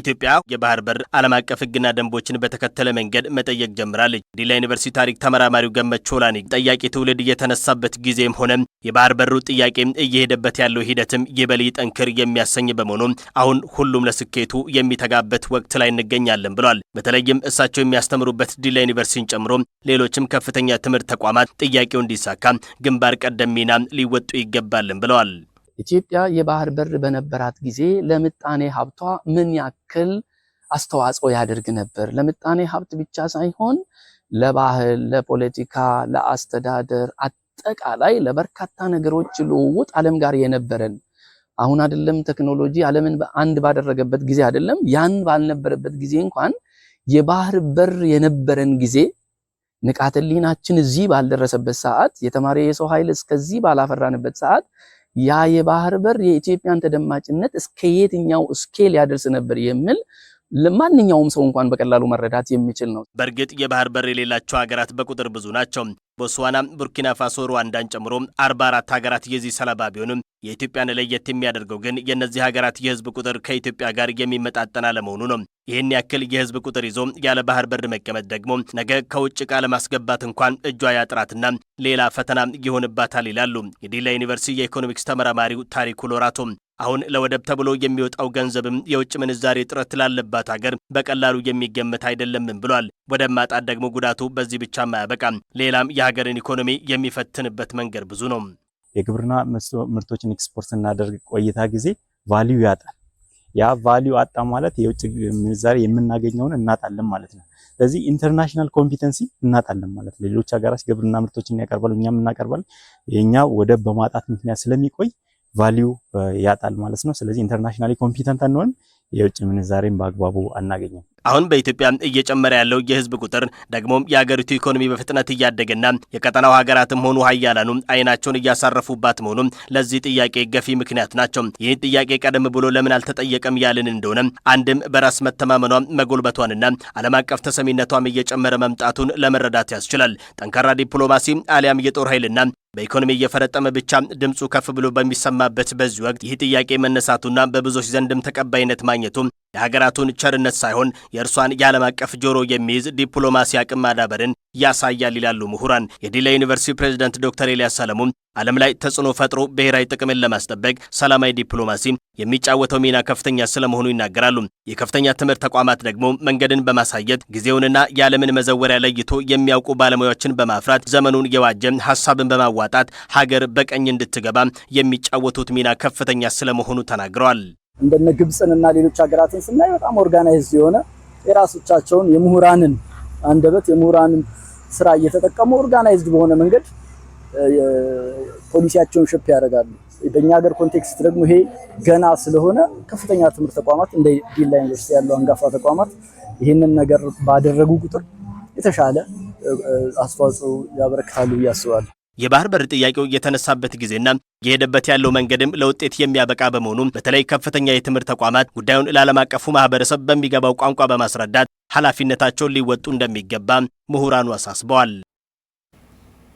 ኢትዮጵያ የባህር በር ዓለም አቀፍ ህግና ደንቦችን በተከተለ መንገድ መጠየቅ ጀምራለች። ዲላ ዩኒቨርሲቲ ታሪክ ተመራማሪው ገመች ቾላኒ ጠያቂ ትውልድ እየተነሳበት ጊዜም ሆነ የባህር በሩ ጥያቄ እየሄደበት ያለው ሂደትም ይበል ጠንክር የሚያሰኝ በመሆኑ አሁን ሁሉም ለስኬቱ የሚተጋበት ወቅት ላይ እንገኛለን ብሏል። በተለይም እሳቸው የሚያስተምሩበት ዲላ ዩኒቨርሲቲን ጨምሮ ሌሎችም ከፍተኛ ትምህርት ተቋማት ጥያቄው እንዲሳካ ግንባር ቀደም ሚና ሊወጡ ይገባልን ብለዋል። ኢትዮጵያ የባህር በር በነበራት ጊዜ ለምጣኔ ሀብቷ ምን ያክል አስተዋጽኦ ያደርግ ነበር? ለምጣኔ ሀብት ብቻ ሳይሆን ለባህል፣ ለፖለቲካ፣ ለአስተዳደር አጠቃላይ ለበርካታ ነገሮች ልውውጥ ዓለም ጋር የነበረን አሁን አይደለም ቴክኖሎጂ ዓለምን አንድ ባደረገበት ጊዜ አይደለም ያን ባልነበረበት ጊዜ እንኳን የባህር በር የነበረን ጊዜ ንቃተ እዚህ ባልደረሰበት ሰዓት የተማሪ የሰው ኃይል እስከዚህ ባላፈራንበት ሰዓት ያ የባህር በር የኢትዮጵያን ተደማጭነት እስከ የትኛው ስኬል ያደርስ ነበር የሚል ለማንኛውም ሰው እንኳን በቀላሉ መረዳት የሚችል ነው። በእርግጥ የባህር በር የሌላቸው ሀገራት በቁጥር ብዙ ናቸው። ቦትስዋና፣ ቡርኪና ፋሶ፣ ሩዋንዳን ጨምሮ 44 ሀገራት የዚህ ሰለባ ቢሆንም የኢትዮጵያን ለየት የሚያደርገው ግን የእነዚህ ሀገራት የህዝብ ቁጥር ከኢትዮጵያ ጋር የሚመጣጠን አለመሆኑ ነው። ይህን ያክል የህዝብ ቁጥር ይዞ ያለ ባህር በር መቀመጥ ደግሞ ነገ ከውጭ ዕቃ ለማስገባት እንኳን እጇ ያጥራትና ሌላ ፈተና ይሆንባታል ይላሉ የዲላ ዩኒቨርሲቲ የኢኮኖሚክስ ተመራማሪው ታሪኩ ሎራቶ። አሁን ለወደብ ተብሎ የሚወጣው ገንዘብም የውጭ ምንዛሬ እጥረት ላለባት ሀገር በቀላሉ የሚገመት አይደለምም ብሏል። ወደብ ማጣት ደግሞ ጉዳቱ በዚህ ብቻ አያበቃም። ሌላም የሀገርን ኢኮኖሚ የሚፈትንበት መንገድ ብዙ ነው። የግብርና ምርቶችን ኤክስፖርት ስናደርግ ቆይታ ጊዜ ቫሊዩ ያጣል። ያ ቫሊዩ አጣ ማለት የውጭ ምንዛሪ የምናገኘውን እናጣለን ማለት ነው። ስለዚህ ኢንተርናሽናል ኮምፒተንሲ እናጣለን ማለት ነው። ሌሎች ሀገራት ግብርና ምርቶችን ያቀርባሉ፣ እኛም እናቀርባለን። የኛ ወደብ በማጣት ምክንያት ስለሚቆይ ቫሊዩ ያጣል ማለት ነው። ስለዚህ ኢንተርናሽናሊ ኮምፒተንት አንሆንም። የውጭ ምንዛሬን በአግባቡ አናገኝም። አሁን በኢትዮጵያ እየጨመረ ያለው የህዝብ ቁጥር ደግሞም የአገሪቱ ኢኮኖሚ በፍጥነት እያደገና የቀጠናው ሀገራትም ሆኑ ሀያላኑ አይናቸውን እያሳረፉባት መሆኑም ለዚህ ጥያቄ ገፊ ምክንያት ናቸው። ይህን ጥያቄ ቀደም ብሎ ለምን አልተጠየቀም ያልን እንደሆነ አንድም በራስ መተማመኗ መጎልበቷንና ዓለም አቀፍ ተሰሚነቷም እየጨመረ መምጣቱን ለመረዳት ያስችላል። ጠንካራ ዲፕሎማሲ አሊያም የጦር ኃይልና በኢኮኖሚ እየፈረጠመ ብቻ ድምፁ ከፍ ብሎ በሚሰማበት በዚህ ወቅት ይህ ጥያቄ መነሳቱና በብዙዎች ዘንድም ተቀባይነት ማግኘቱ የሀገራቱን ቸርነት ሳይሆን የእርሷን የዓለም አቀፍ ጆሮ የሚይዝ ዲፕሎማሲ አቅም ማዳበርን ያሳያል ይላሉ ምሁራን። የዲላ ዩኒቨርሲቲ ፕሬዚደንት ዶክተር ኤልያስ ሰለሙ ዓለም ላይ ተጽዕኖ ፈጥሮ ብሔራዊ ጥቅምን ለማስጠበቅ ሰላማዊ ዲፕሎማሲ የሚጫወተው ሚና ከፍተኛ ስለመሆኑ ይናገራሉ። የከፍተኛ ትምህርት ተቋማት ደግሞ መንገድን በማሳየት ጊዜውንና የዓለምን መዘወሪያ ለይቶ የሚያውቁ ባለሙያዎችን በማፍራት ዘመኑን የዋጀ ሀሳብን በማዋጣት ሀገር በቀኝ እንድትገባ የሚጫወቱት ሚና ከፍተኛ ስለመሆኑ ተናግረዋል። እንደነ ግብፅን ሌሎች ሀገራትን ስናይ በጣም ኦርጋናይዝድ የሆነ የራሶቻቸውን የምሁራንን አንደበት የምሁራንን ስራ እየተጠቀሙ ኦርጋናይዝድ በሆነ መንገድ ፖሊሲያቸውን ሸፕ ያደርጋሉ። በእኛ ሀገር ኮንቴክስት ደግሞ ይሄ ገና ስለሆነ ከፍተኛ ትምህርት ተቋማት እንደ ዲላ ዩኒቨርሲቲ ያሉ አንጋፋ ተቋማት ይህንን ነገር ባደረጉ ቁጥር የተሻለ አስተዋጽኦ ያበረክታሉ ብዬ አስባለሁ። የባህር በር ጥያቄው የተነሳበት ጊዜና የሄደበት ያለው መንገድም ለውጤት የሚያበቃ በመሆኑ በተለይ ከፍተኛ የትምህርት ተቋማት ጉዳዩን ለዓለም አቀፉ ማህበረሰብ በሚገባው ቋንቋ በማስረዳት ኃላፊነታቸውን ሊወጡ እንደሚገባ ምሁራኑ አሳስበዋል።